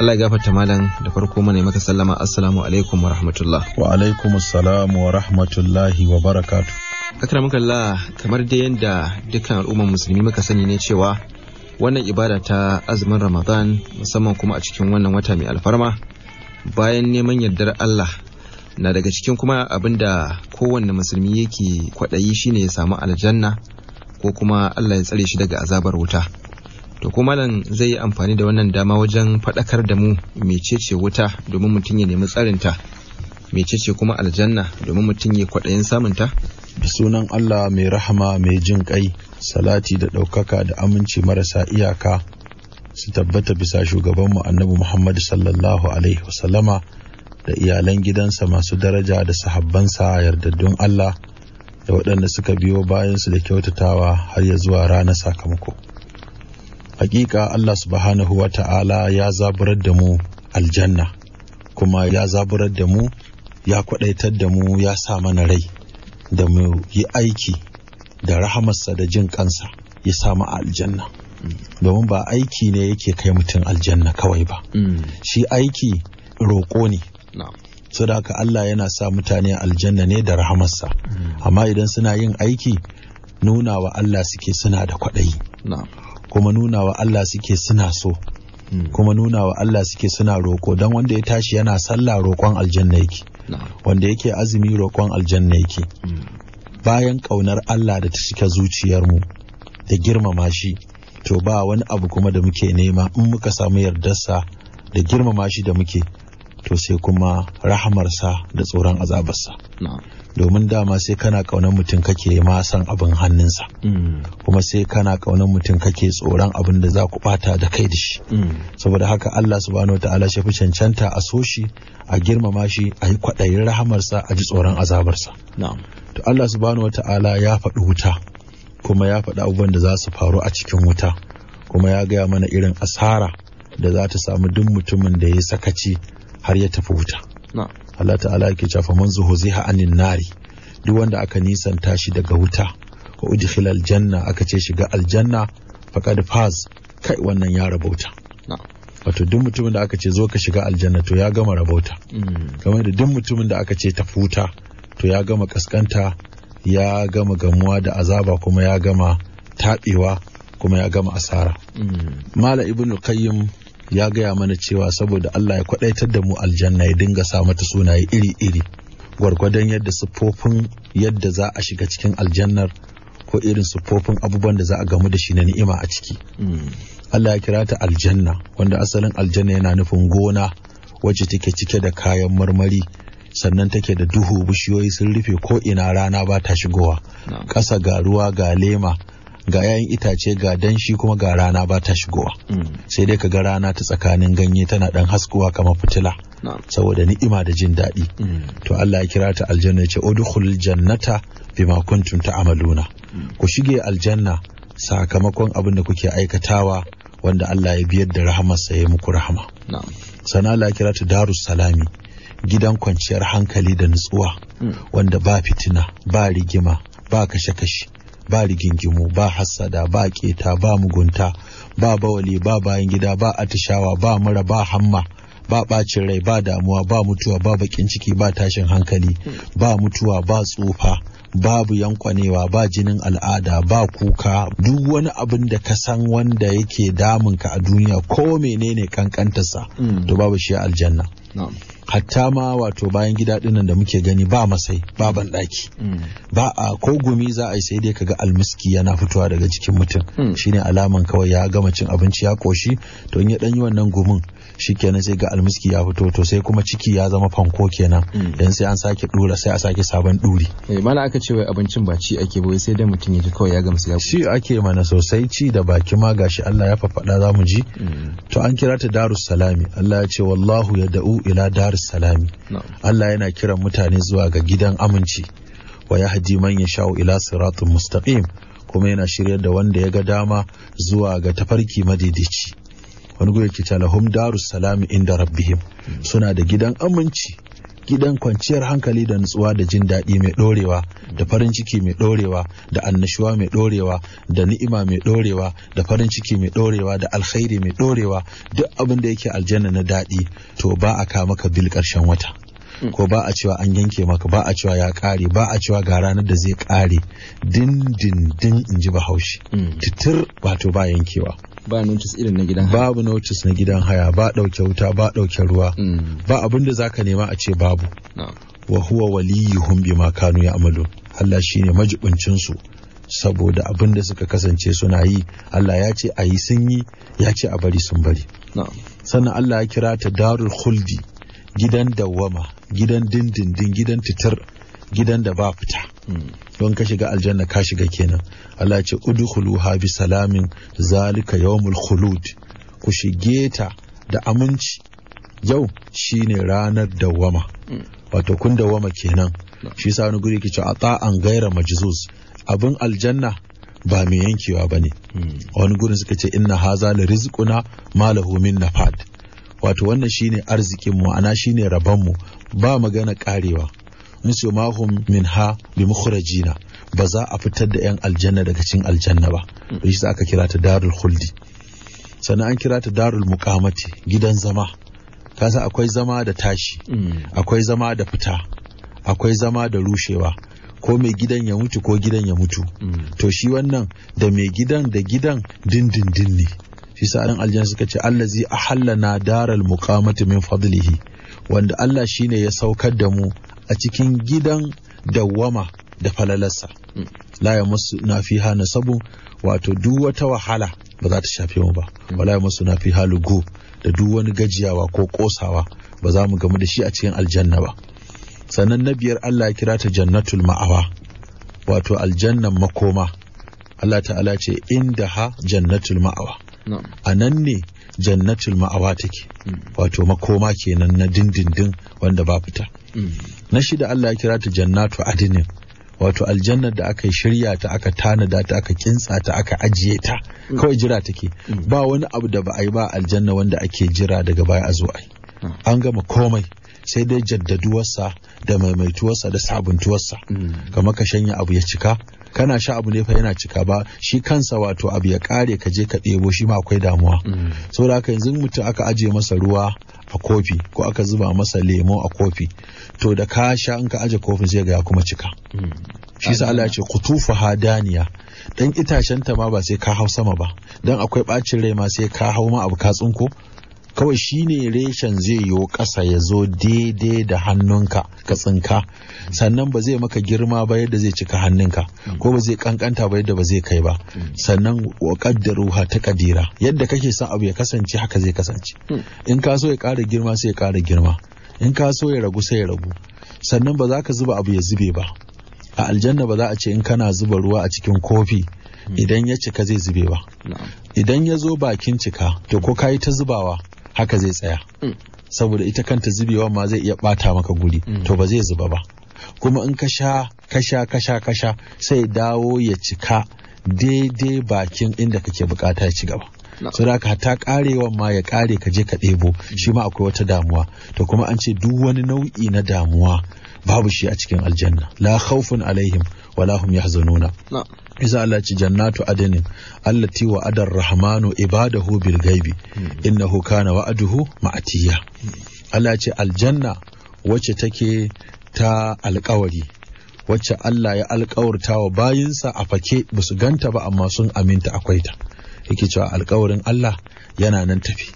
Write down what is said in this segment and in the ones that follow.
Allah ya gafarta malam da farko mana maka sallama assalamu alaikum wa rahmatullah. Wa alaikum assalamu wa rahmatullahi wa barakatu. Akramuka Allah kamar da yadda dukkan al'ummar musulmi muka sani ne cewa wannan ibada ta azumin Ramadan musamman kuma a cikin wannan wata mai alfarma bayan neman yardar Allah na daga cikin kuma abin da kowanne musulmi yake kwaɗayi shine ya samu aljanna ko kuma Allah ya tsare shi daga azabar wuta. to ko malam zai yi amfani da wannan dama wajen faɗakar da mu mecece wuta domin mutum ya nemi tsarinta mecece kuma aljanna domin mutum ya kwaɗayin samunta da sunan Allah mai rahama mai jin ƙai salati da ɗaukaka da aminci marasa iyaka su tabbata bisa shugabanmu annabi Muhammad sallallahu alaihi wasallama da iyalan gidansa masu daraja da sahabbansa yardaddun Allah da waɗanda suka biyo bayansu da kyautatawa har ya zuwa ranar sakamako. hakika Allah subhanahu wa ta'ala ya zaburar da mu aljanna kuma ya zaburar da mu ya kwadaitar da mu ya sa mana rai da mu yi aiki da rahamarsa da jin kansa ya sa mu aljanna domin ba aiki ne yake kai mutum aljanna kawai ba shi aiki roƙo ne so da haka Allah yana sa mutane aljanna ne da rahamarsa amma idan suna yin aiki nuna wa Allah suke suna da kwaɗayi kuma nuna wa Allah suke suna so hmm. kuma nuna wa Allah suke suna roko don wanda ya tashi yana sallah roƙon aljanna yake wanda yake azumi roƙon aljanna yake hmm. bayan ƙaunar Allah da ta cika zuciyarmu da girmama shi to ba wani abu kuma da muke nema in muka samu yardarsa da girmama shi da muke to sai kuma rahamarsa da tsoron azabarsa domin dama sai kana kaunar mutum kake ma san abin hannunsa mm. kuma sai kana kaunar mutum kake tsoron abin da za ku bata da kai da shi mm. saboda haka Allah subhanahu wataala shi fi cancanta a so shi a girmama shi a yi kwaɗayin rahamarsa a ji tsoron azabarsa to Allah subhanahu ta'ala ya faɗi wuta kuma ya faɗi abubuwan da za su faru a cikin wuta kuma ya gaya mana irin asara da za ta samu duk mutumin da ya sakaci har ya tafi wuta Allah ta'ala yake cewa faman ha anin nari duk wanda aka nisanta shi daga wuta ko udkhila aljanna aka ce shiga aljanna faqad faz kai wannan ya rabauta wato duk mutumin da aka ce zo ka shiga aljanna to ya gama rabauta mm. kamar da duk mutumin da aka ce tafi wuta to ya gama kaskanta ya gama gamuwa da azaba kuma ya gama taɓewa kuma ya gama asara mm. mala Ibnu qayyim ya gaya mana cewa saboda Allah ya kwadaitar da mu aljanna ya dinga sa mata sunaye iri-iri gwargwadon yadda siffofin yadda za a shiga cikin aljannar ko irin siffofin abubuwan da za a gamu da shi na ni'ima a ciki mm. Allah ya kira ta aljanna wanda asalin aljanna yana nufin gona wacce take cike da kayan marmari sannan take da duhu bishiyoyi sun rufe ko ina rana ba ta shigowa ƙasa ga ruwa ga lema ga 'ya'yan itace ga danshi kuma ga rana ba ta shigowa mm. sai dai kaga rana ta tsakanin ganye tana dan haskuwa kamar fitila saboda ni'ima da jin daɗi mm. to Allah ya kira ta aljanna ce udkhul jannata bima kuntum ta'maluna mm. ku shige aljanna sakamakon abin da kuke aikatawa wanda Allah ya biyar da sa ya muku rahama sana Allah ya kira ta darus salami gidan kwanciyar hankali da nutsuwa wanda ba fitina ba rigima ba kashe-kashe ba rigingimu ba hassada ba keta ba mugunta ba bawali ba bayan gida ba atishawa ba mara ba hamma ba ɓacin rai ba damuwa ba mutuwa ba bakin ciki ba tashin hankali ba mutuwa ba tsufa babu yankwanewa ba jinin al'ada ba kuka duk wani abin da ka san wanda yake damun ka a duniya ko menene kankantarsa hmm. to babu shi aljanna hatta ma wato bayan gida dinnan da muke gani ba masai ba ban daki. Hmm. ba a ko gumi za a yi sai dai kaga almiski yana fitowa daga jikin mutum hmm. shine alaman kawai ya gama cin abinci ya koshi to in ya dan yi wannan gumin shikenan sai ga almiski ya fito to sai kuma ciki ya zama fanko kenan Yanzu hmm. sai an sake dura sai a sake sabon duri eh mana aka ce wai abincin ba ci ake ba sai dai mutum ya ji kawai ya gamsu ya shi ake mana sosai ci da baki ma gashi Allah ya faffada zamu ji hmm. to an kira ta darus salami Allah ya ce wallahu ya da'u ila darus salami Allah yana kiran mutane zuwa ga gidan aminci wa yahdi man ya yasha'u ila siratul mustaqim kuma yana shiryar da wanda ya ga dama zuwa ga tafarki madaidaici wani gudun ke cewa hum darus salami inda rabbihim suna da gidan aminci gidan kwanciyar hankali da nutsuwa da jin daɗi mai ɗorewa da farin ciki mai ɗorewa da annashuwa mai ɗorewa da ni'ima mai ɗorewa da farin ciki mai ɗorewa da alkhairi mai ɗorewa duk abin da yake aljanna na daɗi to ba a ka maka bil ƙarshen wata ko ba a cewa an yanke maka ba a cewa ya ƙare ba a cewa ga ranar da zai ƙare din din din in ji bahaushe hmm. titir wato ba yankewa ba notice irin na gidan haya babu notice na gidan haya ba dauke wuta ba dauke ruwa mm. ba abin da zaka nema a ce babu Wahuwa wa huwa waliyuhum bima kanu ya'malun Allah shine majibincin su saboda abin da suka kasance suna yi Allah ya ce ayi sun yi ya ce a bari sun bari sannan Allah ya kira ta darul khuldi gidan dawama gidan dindindin gidan titir gidan da ba fita don ka shiga aljanna ka shiga kenan Allah ya ce ha bi salamin zalika yawmul khulud ku shige ta da aminci yau shine ranar dawama wato kun dawama kenan shi yasa wani guri kice a ta'an gaira majzuz abin aljanna ba mai yankewa ba ne wani gurin suka ce inna haza la rizquna malahu min nafad wato wannan shine arzikin mu ana shine rabon mu ba magana karewa nisi mahum min ha bi mukhrajina ba za a fitar da yan aljanna daga cikin aljanna ba shi sa aka kira ta darul khuldi sannan an kira ta darul muqamati gidan zama kasa akwai zama da tashi mm. akwai zama da fita akwai zama da rushewa ko mai gidan ya mutu ko gidan ya mutu mm. to shi wannan da mai gidan da gidan dindindin ne shi sa an aljanna suka ce allazi ahallana darul muqamati min fadlihi wanda Allah shine ya saukar da mu a cikin gidan dawwama da falalarsa mm. la ya na fi hana sabu wato duk wata wahala ba za ta shafe mu ba mm. wala ya masu na fi halugu da duk wani gajiyawa ko kosawa ba za mu gamu da shi a cikin aljanna ba sannan na biyar Allah ya kira ta jannatul ma'awa wato aljannan makoma Allah ta'ala ce inda ha jannatul ma'awa a nan ne jannatul ma'awa take wato makoma kenan na dindindin wanda ba fita na shida Allah ya kira ta jannatu adinin wato aljannar da aka shirya ta aka tanada ta aka kintsa ta aka ajiye ta kawai jira take ba wani abu da ba a ba aljanna wanda ake jira daga baya a zo ai an gama komai sai dai jaddaduwarsa da maimaituwarsa da sabuntuwarsa mm. kamar ka shanya abu ya cika kana sha abu ne fa yana cika ba shi kansa wato abu ya kare ka je ka ɗebo shi ma akwai damuwa mm. saboda haka yanzu mutum aka aje masa ruwa a kofi ko aka zuba masa lemo a kofi to da ka sha in ka aje kofin sai ga ya kuma cika mm. shi sa Allah ya ce kutufu hadaniya dan itacen ta ma ba sai ka hau sama ba dan akwai bacin rai ma sai ka hau ma abu ka tsinko kawai shi ne reshen zai yi ƙasa ya zo daidai da hannunka ka tsinka sannan ba zai maka girma ba yadda zai cika hannunka ko ba zai kankanta ba yadda ba zai kai ba sannan wa kaddaru ha ta kadira yadda kake son abu ya kasance haka zai kasance in ka so ya ƙara girma sai ya ƙara girma in ka so ya ragu sai ya ragu sannan ba za ka zuba abu ya zube ba a aljanna ba za a ce in kana zuba ruwa a cikin kofi idan ya cika zai zube ba idan ya zo bakin cika to ko ka yi ta zubawa haka zai tsaya mm. saboda ita kanta zubewa ma zai iya bata maka guri mm. to ba zai zuba ba kuma in ka sha kasha kasha kasha sai dawo ya cika daidai bakin inda kake bukata ya ci gaba so da ta karewa ma ya kare ka je ka ɗebo mm. shi ma akwai wata damuwa to kuma an ce duk wani nau'i na damuwa babu shi a cikin aljanna la khawfun alaihim wala hum yahzanuna iza Allah ci jannatu adanin allati wa adar rahmanu ibadahu bil gaibi hmm. innahu kana wa'aduhu ma'tiya Allah ce aljanna wacce take ta alkawari wacce Allah ya alkawarta wa bayinsa a fake ba ganta ba amma sun aminta akwai ta yake cewa alkawarin Allah yana nan tafi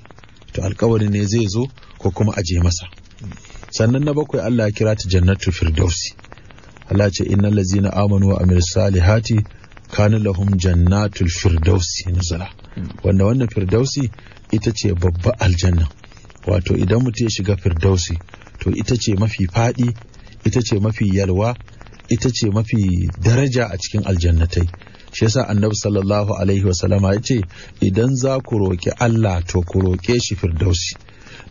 to alkawarin ne zai zo ko kuma aje masa hmm. sannan na bakwai Allah ya kira ta jannatu firdausi Allah ce inna lazina amanu wa amil salihati kana lahum jannatul firdausi nuzula wanda wannan firdausi ita ce babba aljanna wato idan mutum ya shiga firdausi to ita ce mafi fadi, ita ce mafi yalwa ita ce mafi daraja a cikin aljannatai shi yasa annabi sallallahu alaihi wasallama ya ce idan za ku roƙi Allah to ku roƙe shi firdausi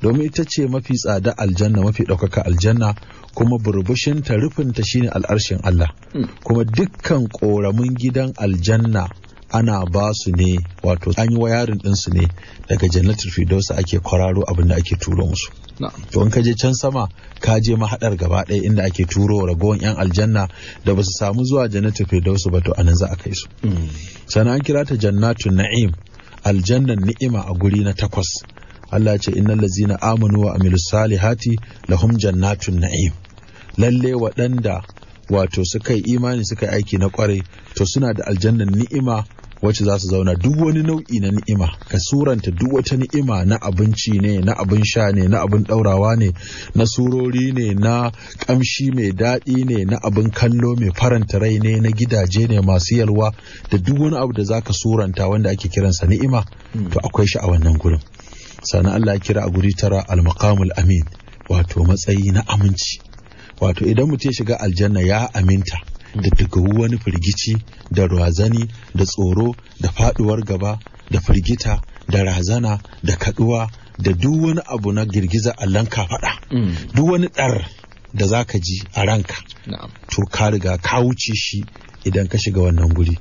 domin ita ce mafi tsada aljanna mafi ɗaukaka aljanna kuma burbushin ta rufinta shine al'arshin Allah hmm. kuma dukkan ƙoramin gidan aljanna ana ba su ne wato an yi wayarin ɗinsu ne daga jannatul firdausa ake kwararo abin da ake turo musu to in ka je can sama ka je mahaɗar gaba ɗaya inda ake turo ragowar yan aljanna da ba su samu zuwa jannatul firdausa ba to anan za a kai su hmm. sannan an kira ta jannatun na'im aljannan ni'ima a guri na takwas Allah ce innal ladzina amanu wa amilus salihati lahum jannatun na'im lalle waɗanda wato suka yi imani suka yi aiki na kwarai to suna da aljannan ni'ima wacce za su zauna duk wani nau'i na ni'ima ka suranta duk wata ni'ima na abinci ne na abin sha ne na abin ɗaurawa ne na surori ne na ƙamshi mai daɗi ne na abin kallo mai faranta rai ne na gidaje ne masu yalwa da duk wani abu da za ka suranta wanda ake kiransa ni'ima to akwai shi a wannan gurin sannan Allah ya kira a guri tara al-maqamul amin wato matsayi na aminci wato idan mutum ya shiga aljanna ya aminta da daga wani firgici da razani da tsoro da faduwar gaba da firgita da razana da kaduwa da duk wani abu na girgiza allon kafaɗa mm. duk wani ɗar da za ka ji a ranka to ka riga ka wuce shi idan ka shiga wannan guri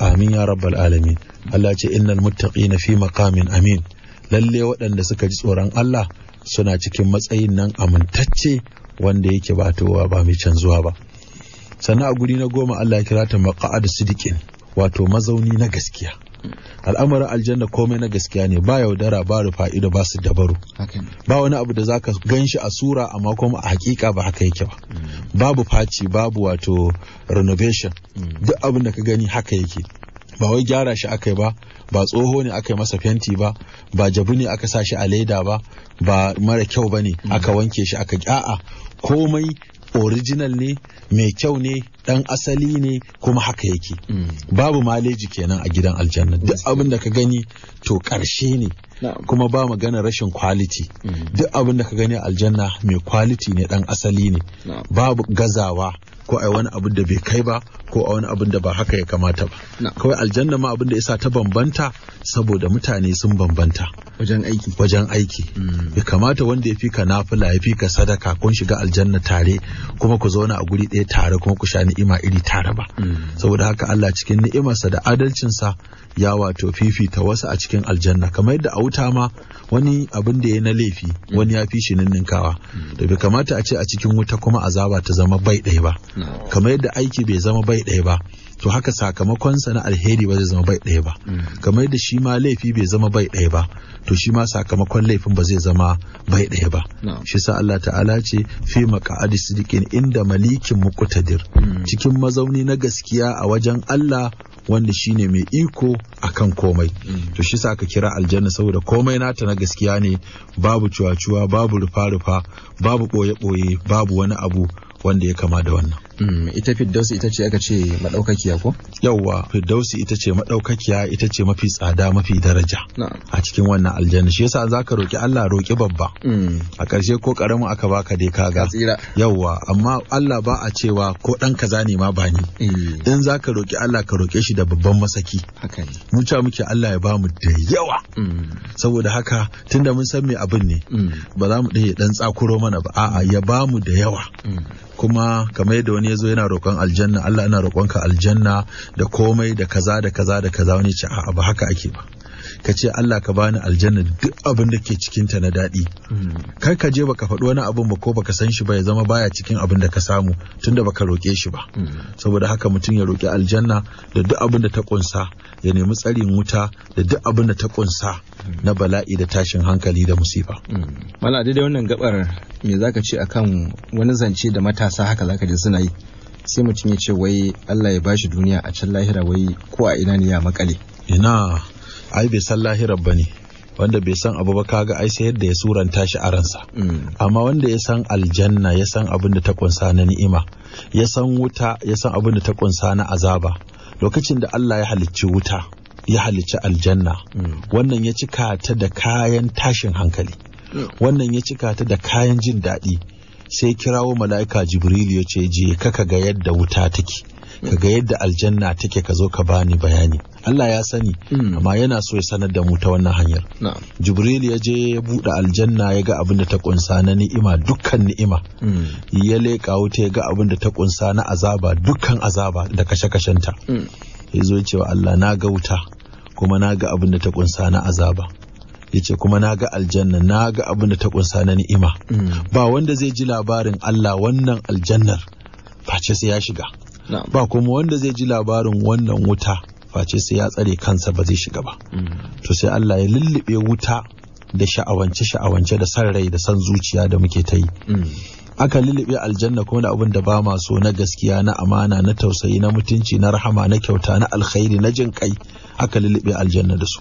amin ya rabbal alamin Allah ce innal muttaqina fi maqamin amin lalle waɗanda suka ji tsoron Allah suna cikin matsayin nan amintacce wanda yake ba towa ba mai canzuwa ba sannan a guri na goma Allah ya kira ta maqa'ad sidiqin wato mazauni na gaskiya al'amarin aljanna komai na gaskiya ne ba yaudara ba rufa ido ba su dabaru ba wani abu da zaka ganshi a sura amma kuma a hakika ba haka yake ba mm. babu faci babu wato renovation mm. duk abin da ka gani haka yake ba wai gyara shi aka ba ba tsoho ne aka yi masa fenti ba ba jabu ne aka sa shi a leda ba ba mara kyau ba ne mm. aka wanke shi aka a'a komai original ne mai kyau ne dan asali ne kuma haka yake mm. babu maleji kenan a gidan aljanna duk abin da ka gani to karshe ne kuma ba magana rashin quality mm. duk abin da ka gani aljanna mai quality ne dan asali ne babu gazawa ko a wani abin da bai kai ba ko a wani abin da ba haka ya kamata ba kawai aljanna ma abin da yasa ta bambanta saboda mutane sun bambanta wajen aiki wajen aiki ya hmm. kamata wanda ya fi ka nafila ya fi ka sadaka kun shiga aljanna tare kuma ku zauna a guri ɗaya tare kuma ku sha ni'ima iri tare ba hmm. saboda haka Allah cikin ni'imarsa da adalcinsa ya wato fifita wasu a cikin aljanna kamar yadda a wuta ma wani abin da ya na laifi hmm. wani ya fi shi ninninkawa da bai kamata a ce a cikin wuta kuma azaba ta zama bai ɗaya ba kamar yadda aiki bai zama bai ɗaya ba to haka sakamakonsa na alheri ba zai zama bai ɗaya ba mm. kamar yadda shi ma laifi bai zama bai ɗaya ba to shi ma sakamakon laifin ba zai zama bai ɗaya ba shi sa Allah ta'ala ce fi maqa'adi sidiqin inda malikin muqtadir mm. cikin mazauni na gaskiya a wajen Allah wanda shine mai iko akan komai mm. to shi sa aka kira aljanna saboda komai nata na gaskiya ne babu cuwa-cuwa babu rufa-rufa babu ɓoye boye babu wani abu wanda ya kama da wannan Mm, ita firdausi ita ce aka ce madaukakiya ko yawwa firdausi ita ce madaukakiya ita ce mafi tsada mafi daraja a cikin wannan aljanna shi yasa zaka roki Allah roki babba mm. a ƙarshe ko karamin aka baka dai ka tsira. yauwa amma Allah ba a cewa ko dan kaza ne ma bani mm. in zaka roki Allah ka roke shi da babban masaki haka ne mun ce muke Allah ya ba mu da yawa saboda haka tunda mun san me abin ne ba za mu ɗaya dan tsakuro mana ba a'a ya ba mu da yawa kuma kamar yadda wani ya zo yana roƙon aljanna Allah ina roƙonka aljanna da komai da kaza da kaza da kaza wani ce a'a ba haka ake ba ka ce Allah ka bani aljanna duk abin da ke cikin ta na daɗi kar ka je baka faɗi wani abin ba ko baka san shi ba ya zama baya cikin abin da ka samu tunda baka roƙe shi ba hmm. saboda haka mutum ya roƙi aljanna da duk abin da ta kunsa ya nemi tsarin wuta da duk abin da ta kunsa na bala'i da tashin hankali da musiba hmm. mala daidai wannan gabar me zaka ce akan wani zance da matasa haka zaka ji suna yi sai mutum ya ce wai Allah ya bashi duniya a can lahira wai ko a ina ne ya makale ina ai bai san lahirar ba ne wanda bai san abu ba kaga ai sai yadda ya suranta shi a ransa mm. amma wanda ya san aljanna ya san abin da ta kunsa na ni'ima ya san wuta ya san abin da ta kunsa na azaba lokacin da Allah ya halicci wuta ya halicci aljanna mm. wannan ya cika ta da kayan tashin hankali mm. wannan ya cika ta da kayan jin daɗi sai kirawo mala'ika Jibril ya ce je kaka ga yadda wuta take kaga yadda aljanna take ka zo ka bani bayani Allah ya sani hmm. amma yana so ya sanar da mu ta wannan hanyar Jibril ya je ya buɗe aljanna ya ga abin da ta kunsa na ni'ima dukkan ni'ima hmm. ya leƙa wuta ya ga abin da ta kunsa na azaba dukkan azaba da kashe-kashenta hmm. ya zo cewa Allah na ga wuta kuma na ga abin da ta kunsa na azaba ya ce kuma na ga aljanna na ga abin da ta kunsa na ni'ima ba wanda zai ji labarin Allah wannan aljannar face sai ya shiga ba kuma wanda zai ji labarin wannan wuta face sai ya tsare kansa ba zai shiga ba mm. to sai Allah ya lullube wuta da sha'awance sha'awance da san rai da san zuciya da muke ta yi mm. aka lullube aljanna kuma da abin da ba ma so na gaskiya na amana na tausayi na mutunci na rahama na kyauta na alkhairi na jin kai aka lullube aljanna da su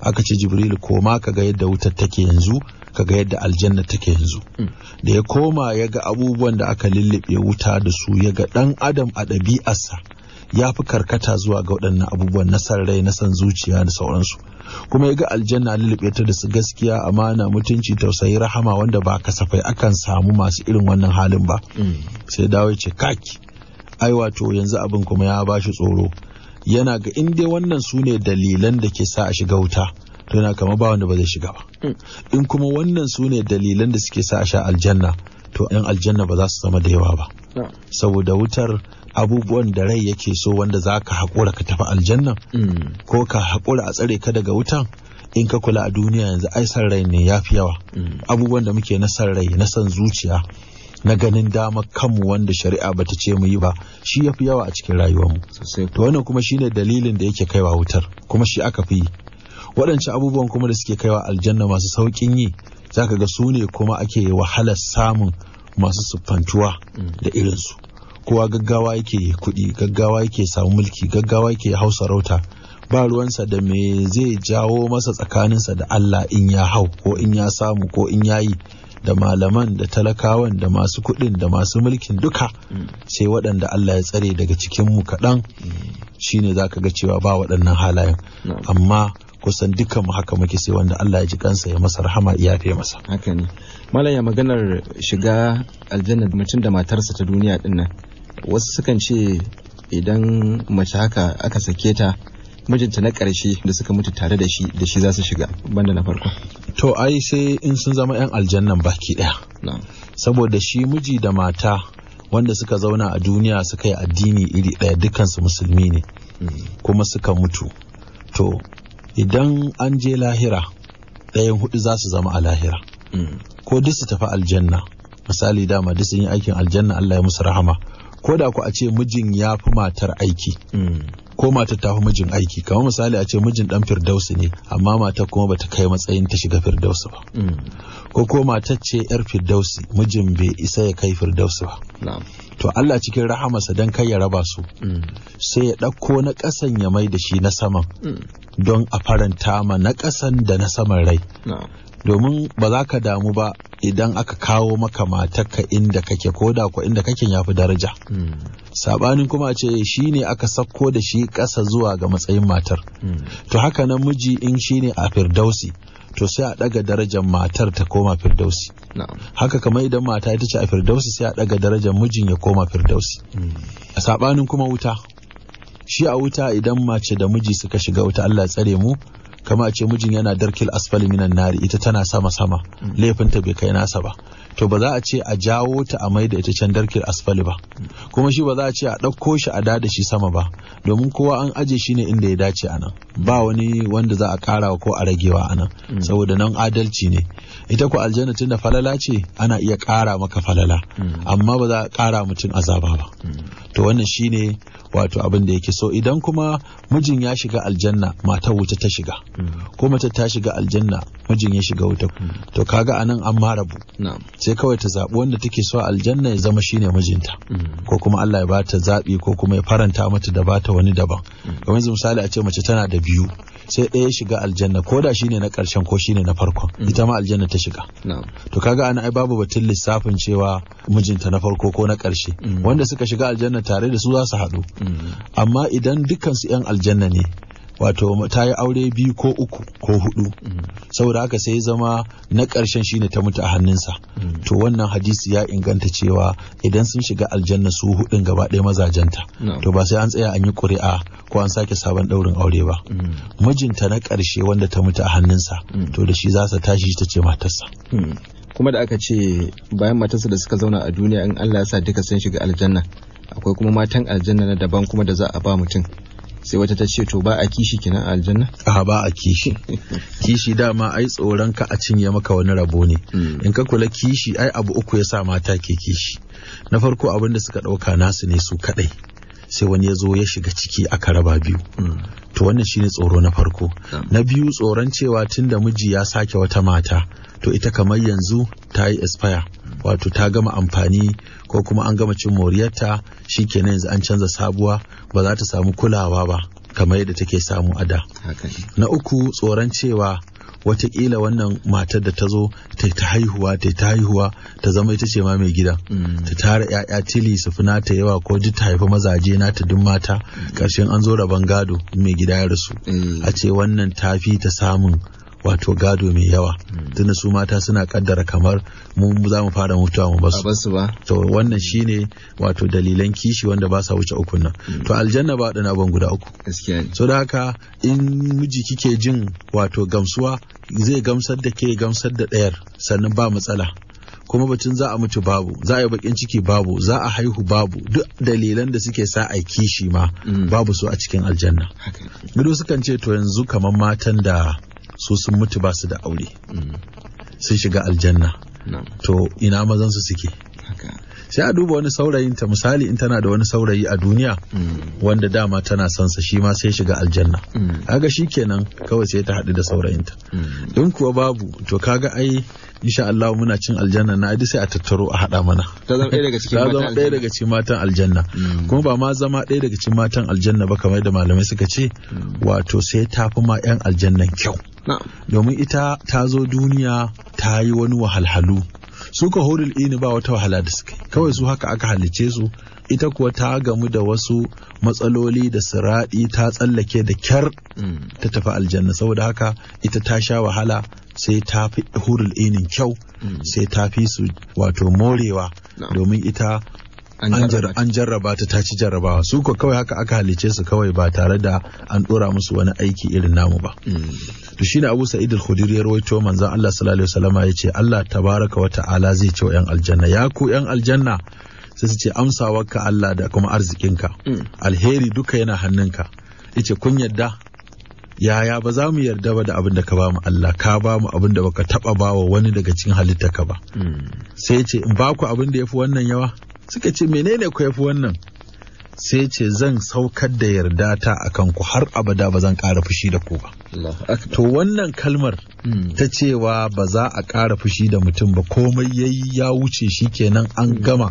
aka ce jibril koma ka ga yadda wutar take yanzu Ka ga yadda aljanna take yanzu mm. da ya koma ya ga abubuwan da aka lullube wuta da su ya ga dan adam a ɗabi'arsa ya fi karkata zuwa ga waɗannan abubuwan na san rai na san zuciya da sauransu kuma ya ga aljanna lullube ta da su gaskiya amana mutunci tausayi rahama wanda ba kasafai akan samu masu irin wannan halin ba mm. sai dawo ya ce kaki ai wato yanzu abin kuma ya bashi tsoro yana ga in wannan su ne dalilan da ke sa a shiga wuta to yana kama ba wanda ba zai shiga ba hmm. in kuma wannan su ne dalilan da suke sa a sha aljanna to yan aljanna ba za su zama da yawa ba hmm. saboda wutar abubuwan da rai yake so wanda za ka haƙura ka tafi aljanna hmm. ko ka haƙura a tsare ka daga wutan in ka kula a duniya yanzu ai san rai ne ya fi yawa abubuwan da muke na san rai na san zuciya na ganin dama kanmu wanda shari'a bata ce mu yi ba shi ya fi yawa a cikin rayuwarmu to wannan kuma shine dalilin da yake kaiwa wutar kuma shi aka fi waɗancan abubuwan kuma da suke kaiwa aljanna masu sauƙin yi za ka ga su ne kuma ake wahalar samun masu siffantuwa da irinsu kowa gaggawa yake kuɗi gaggawa yake samu mulki gaggawa yake hau sarauta ba ruwansa da me zai jawo masa tsakaninsa da Allah in ya hau ko in ya samu ko in ya yi da malaman da talakawan da masu kuɗin da masu mulkin duka sai waɗanda Allah ya tsare daga cikinmu kaɗan mm. shine za ka ga cewa ba waɗannan halayen amma kusan dukkan mu haka muke sai wanda Allah ya ji kansa ya masa rahama ya fi masa haka ne malam ya maganar shiga aljanna mutum da matarsa ta duniya din nan wasu sukan ce idan mace haka aka sake ta mijinta na ƙarshe da suka mutu tare da shi da shi za su shiga banda na farko to ai sai in sun zama yan aljannan baki ɗaya saboda shi miji da mata wanda suka zauna a duniya suka yi addini iri ɗaya dukansu musulmi ne mm. kuma suka mutu to idan an je lahira ɗayan hudu za su zama a lahira mm. ko duk su tafi aljanna misali dama duk sun yi aikin aljanna Allah ya musu rahama ko da ku a ce mijin ya fi matar aiki mm. ko matar ta fi mijin aiki kamar misali a ce mijin ɗan firdausi ne amma matar kuma bata kai matsayin ta shiga firdausi ba mm. ko ko matar ce yar firdausi mijin bai isa ya kai firdausi ba to Allah cikin rahamarsa don kai ya raba su mm. sai ya ɗauko na ƙasan ya mai da shi na saman mm. don a faranta ma na ƙasan da na saman rai domin ba za ka damu ba idan aka kawo maka matarka inda kake ko da ko inda kake ya fi daraja mm. sabanin kuma ce shi ne aka sakko da shi ƙasa zuwa ga matsayin matar to haka nan miji in shi ne a firdausi to sai a daga darajar matar ta koma firdausi haka kamar idan mata ita ce a firdausi sai a daga darajar mijin ya koma firdausi hmm. a sabanin kuma wuta shi a wuta idan mace da miji suka shiga wuta Allah tsare mu kama ce mijin yana darkil asfali minan nari ita tana sama sama hmm. laifinta bai kai nasa ba to ba za a ce a jawo ta a mai da ita can darkil asfali ba kuma shi ba za a ce a ɗauko shi a dada shi sama ba domin kowa an aje shi ne inda ya dace a nan ba wani wanda za a kara ko a ragewa a nan mm. saboda nan adalci ne ita ku aljanna tunda falala ce ana iya kara maka falala mm. amma ba za a kara mutum azaba ba mm. to wannan shine wato abin da yake so idan kuma mijin ya shiga aljanna matar wuta ta shiga ko mace ta shiga aljanna mijin ya shiga wuta hmm. to kaga anan an ma rabu sai kawai ta zaɓi wanda take so aljanna ya zama shine mijinta hmm. ko kuma Allah ya bata zaɓi ko kuma ya faranta mata da bata wani daban hmm. kamar yanzu misali a ce mace tana da biyu sai ɗaya shiga aljanna ko da shine na ƙarshen ko shine na farkon ita ma aljanna ta shiga to kaga anan ai babu batun lissafin cewa mijinta na farko ko na ƙarshe wanda suka shiga aljanna tare da su za su haɗu amma idan dukkan su 'yan aljanna ne wato ta yi aure biyu ko uku ko hudu saboda aka sai zama na ƙarshen shine ta mutu a hannunsa to wannan hadisi ya inganta cewa idan sun shiga aljanna su hudun gaba ɗaya mazajenta to ba sai an tsaya an yi ƙuri'a ko an sake sabon ɗaurin aure ba mm. mijinta na ƙarshe wanda ta mutu a hannunsa mm. to da shi za su tashi ta ce matarsa mm. kuma da aka ce bayan matarsa da suka zauna a duniya in Allah ya sa duka sun shiga aljanna akwai kuma matan aljanna na daban kuma da za a ba mutum sai wata ta ce to ba a kishi kenan aljanna a ba a kishi kishi dama ai tsoron ka a cinye maka wani rabo ne hmm. in ka kula kishi ai abu uku ya sa mata ke kishi na farko abin da suka ɗauka nasu ne su kaɗai sai wani ya zo ya shiga ciki aka raba biyu hmm. to wannan shine tsoro na farko hmm. na biyu tsoron cewa tunda miji ya sake wata mata to ita kamar yanzu ta yi expire hmm. wato ta gama amfani ko kuma an gama cin moriyarta shikenan yanzu an canza sabuwa ba za ta samu kulawa ba kamar yadda take samu a da na uku tsoron cewa watakila wannan matar da ta zo ta ta haihuwa ta ta haihuwa ta zama ita ce ma mai gida mm. ta tara ya'ya tili su fina ta yawa ko duk ta haifi mazaje na ta duk mata mm. ƙarshen an zo rabon gado mai gida ya rasu mm. a ce wannan tafi ta samun wato gado mai yawa hmm. tunda su mata suna kaddara kamar mu za mu fara mutuwa mu basu ba to wannan shine wato dalilan kishi wanda ba sa wuce ukun nan hmm. to aljanna ba dana ban guda uku Gaskiya so da haka in miji kike jin wato gamsuwa zai gamsar da ke gamsar da ɗayar sannan ba matsala kuma bacin za a mutu babu za a yi bakin ciki babu za a haihu babu duk dalilan da suke sa a kishi ma hmm. babu su a cikin aljanna. Gado sukan ce to yanzu kamar matan da su sun mutu ba su da aure mm. sun shiga aljanna to ina mazan su suke sai a duba wani saurayin ta misali in tana da wani saurayi a duniya mm. wanda dama tana son sa shi ma sai shiga aljanna mm. kaga kenan kawai sai ta haɗu da saurayinta in kuwa babu to kaga ai insha Allah muna cin aljanna na sai a tattaro a hada mana ta zama ɗaya daga cikin matan aljanna mm. kuma ba ma zama ɗaya daga cikin matan aljanna ba kamar da malamai suka ce mm. wato sai ta fi ma yan aljannan kyau domin ita ta zo duniya ta yi wani wahalhalu su ka horil ini ba wata wahala da suke. kawai su haka aka halice su ita kuwa ta gamu da wasu matsaloli da siraɗi ta tsallake da kyar mm. ta tafi aljanna saboda haka ita ta sha wahala sai ta fi hurul inin kyau hmm. sai ta fi su wato morewa domin ita an jarraba ta ta ci jarrabawa su ko kawai haka aka halice su kawai ba tare da an dora musu wani aiki irin namu ba hmm. to shine Abu Sa'id al-Khudri ya rawaito manzon Allah sallallahu alaihi wasallama yace Allah tabaraka wa ta'ala zai ce wa yan aljanna ya ku yan aljanna sai su ce amsawarka Allah da kuma arzikinka hmm. alheri duka yana hannunka yace kun yadda yaya ba za mu yarda ba da abin da ka ba mu Allah ka ba mu abin da baka taba ba wa wani daga cikin halitta ka ba hmm. sai ce in ba ku abin da yafi wannan yawa suka ce menene ku yafi wannan sai ce zan saukar da yarda ta akan ku har abada ba zan ƙara fushi da ku ba to wannan kalmar hmm. ta cewa ba za a ƙara fushi da mutum ba komai yayi ya wuce shi shikenan an hmm. gama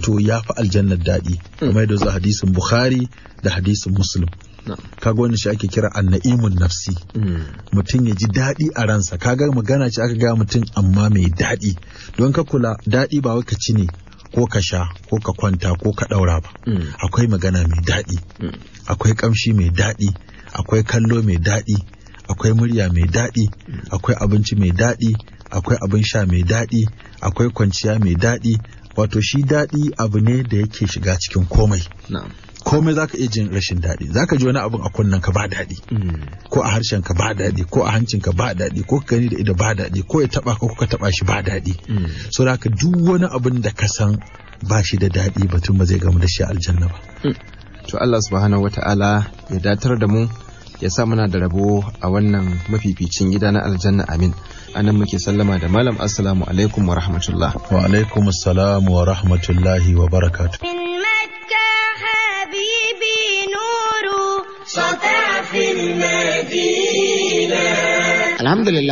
to ya fi aljannar daɗi kamar da hadisin bukhari da hadisin muslim kaga wani shi ake kira anna'imun nafsi hmm. mutum ya ji daɗi a ransa kaga magana ce aka gaya mutum amma mai daɗi don ka kula daɗi ba waka ka ci ne ko ka sha ko ka kwanta ko ka ɗaura ba hmm. akwai magana mai daɗi hmm. akwai ƙamshi mai daɗi akwai kallo mai daɗi akwai murya mai daɗi akwai abinci mai daɗi akwai abin sha mai daɗi akwai kwanciya mai daɗi wato shi daɗi abu ne da yake shiga cikin komai komai zaka iya jin rashin daɗi zaka ji wani abun a kunnen ka mm. ba daɗi ko a harshen ka ba daɗi ko a hancin ka ba daɗi ko gani da ido ba daɗi ko ya taba ka ko kuka taba shi ba daɗi mm. so zaka duk wani abun da ka san ba shi da daɗi batun ba zai gamu da shi aljanna ba mm. to Allah subhanahu wata'ala ya datar da mu ya sa muna da rabo a wannan mafificin gida na aljanna amin anan muke sallama da malam assalamu alaikum wa rahmatullah wa alaikum assalam wa rahmatullahi wa barakatuh alhamdulillah